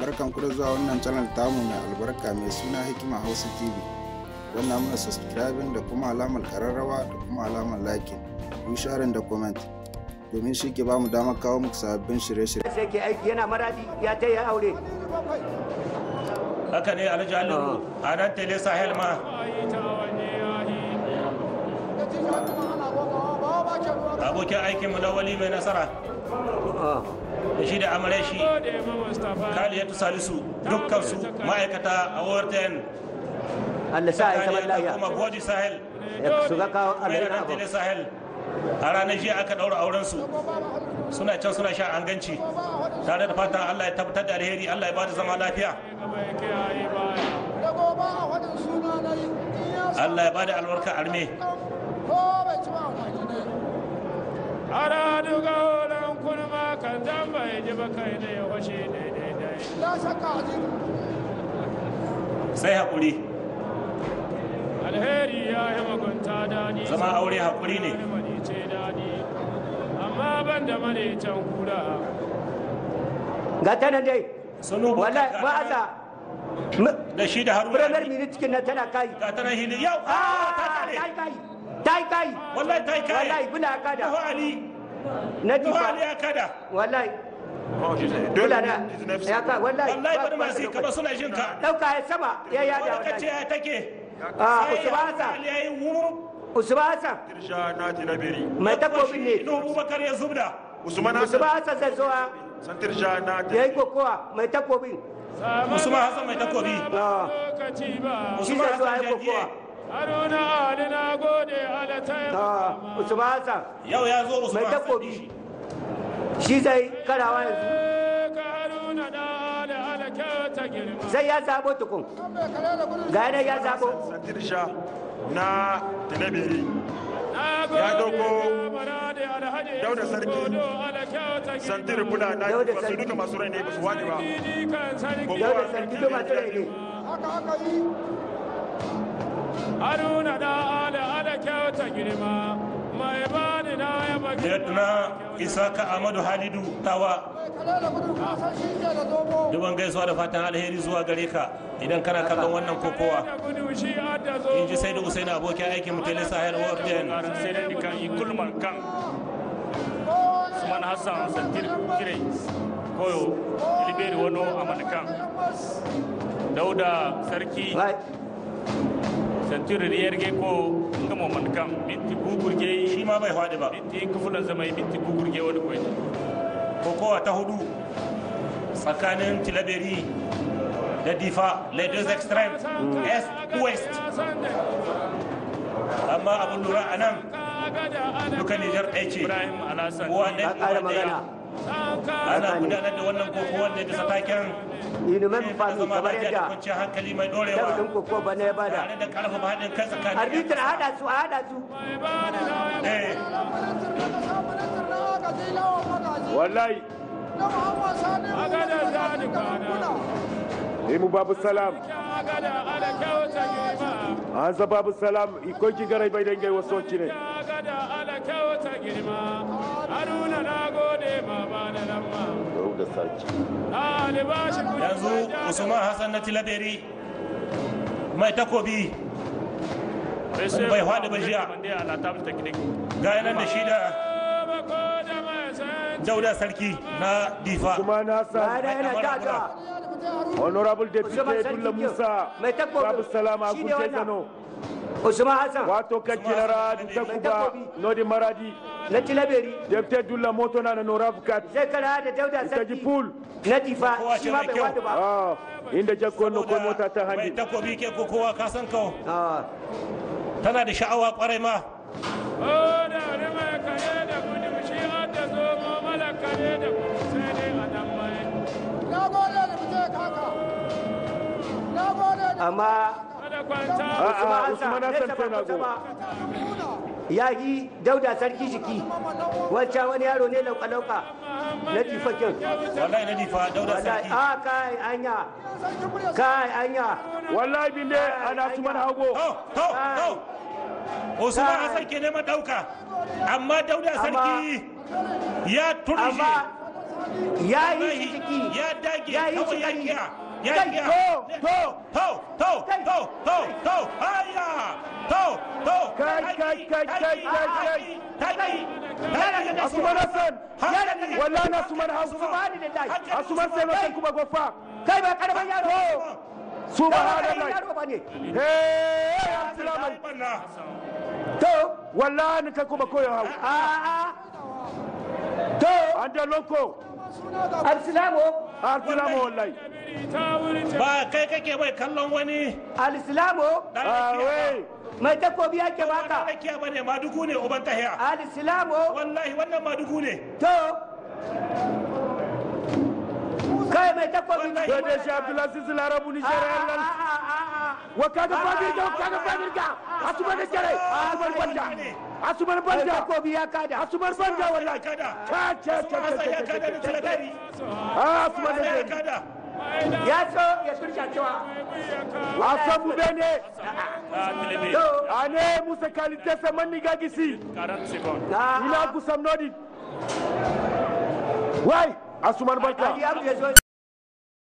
barkan ku da zuwa wannan channel tamu mai albarka mai suna hikima hausa tv wannan muna subscribe da kuma alamar kararrawa da kuma alamar like ku share da comment domin shi ke bamu damar kawo muku sababbin shirye-shirye sai ke aiki yana maradi ya ta ya aure haka ne alhaji alimu ah. a nan tele sahel ma abokin aikinmu da wali mai nasara ah. da shi da amare shi kaliyatu salisu dukkan su ma'aikata a wartan Allah sa ai zaman lafiya kuma boji sahel su ga kawo sahel a ranar jiya aka daura auren su suna can suna sha anganci tare da fatan Allah ya tabbatar da alheri Allah ya bada zama lafiya Allah ya bada albarka arme Ara duga ka dan bai ji ba kai ne ya washe daidai dai la shakka sai hakuri alheri ya yi magunta dadi zama aure hakuri ne amma ban da mane can kula ga ta nan dai sunu wallahi ba Allah da shi da haruna premier minister na tana kai ta tana hili yau ah, ta ah, kai kai kai wallahi kai kai wallahi kuna kada ali na jifa ya kada wallahi oh, ya ka wallahi wallahi bari ma sai kaba suna jin ka dauka ya sama ya yada wallahi ya take a usbasa usbasa kirsha na tilabiri mai takobin ne no Abubakar ya zubda usman usbasa zai zo ah. santir sha na ta yayi kokowa mai takobin usman hasan mai takobi usman hasan ah. ah, ya takobi haruna ali na gode ala ta usman hassan yau ya zo usman mai takobi shi zai karawa yanzu ka haruna da ali ala kyauta girma zai ya zabo tukun ga yanayi ya zabo sadirsha na talabiri ya dauko dauda sarki santir buda na su duka masu rai ne ba su wani ba dauda sarki duka masu rai ne haruna da ala ala kyauta girma mai bani na ya baki yadda isaka amadu halidu tawa duban gaisuwa da fatan alheri zuwa gare ka idan kana kallon wannan kokowa in ji sai da usain abokin aikin mu tele sahel warden sai da dikan yi kulman kan usman hassan santir kire koyo liberi wano amalkan dauda sarki santur riyar ge ko nga mo man kam minti gugur shi ma bai faɗi ba minti kufulan zama minti gugur wani ko ko kowa ta hudu tsakanin tilaberi da difa les deux extrêmes est ouest amma abin lura anan duka Nijar ɗaya ce. Ibrahim Alhassan. ɗaya. ana gudanar da wannan da ta taken inuman fami kamar yadda hankali mai dorewa da ba ya bada da ƙarfafa haɗin kai su su eh. wallahi babu salam. An za babu salam ki garai bai dangai wasu ne. da saki yanzu usman hassan na tilaberi mai takobi bai faɗi ba jiya ga yanar da shi da dauda sarki na difa kuma na sa honorable deputy abdullah musa rabu salama guje zano Usman Hassan. Wato kantinara Dutta Kuba Nodi Maradi. Na Tilaberi. Deputy Dulla Moto na Nora Bukat. Zai kara da Dauda Sarki. Itaji Pool. Na Difa shi ma bai wadu ba. Ah, inda jakko no ko mota ta handi. Bai takobi ke ko kowa ka san kawo. Ah. Tana da sha'awa kwarai ma. O da rima kare da kudi shi har da zo ma mala kare da gudu sai dai a dan mai. Na gode da fice kaka. Na gode da. Amma kwanta a'a dauda sarki jiki wancan wani yaro ne lauka-lauka na jifa kyau wallahi na jifa dauda sarki a ah, kai anya kai anya wallahi bin dai ana su man hago to to to Usman hasan ke neman dauka amma dauda sarki ya turje ya yi jiki ya dage kawai ya kiya やいやととととととあいやとと kai kai wallahi asuman kai kuma koyo hau a ah, ah, ah. to an da ko. alisilamu alisilamu wallahi ba kai kake bai kallon wani alisilamu ah, wai mai takobi yake baka ba kiya bane ma ne uban tahiya alsilamo wallahi wannan maduku ne to mai takobi ba dole shi abdulaziz larabu ni shari'a lal wa kaga ah, ah, kaga da ah, banda banda takobi ya kada banda wallahi kada ta ta ta ta ta ta da ya so ya turja cewa bene musa kalite nodi wai asuman barka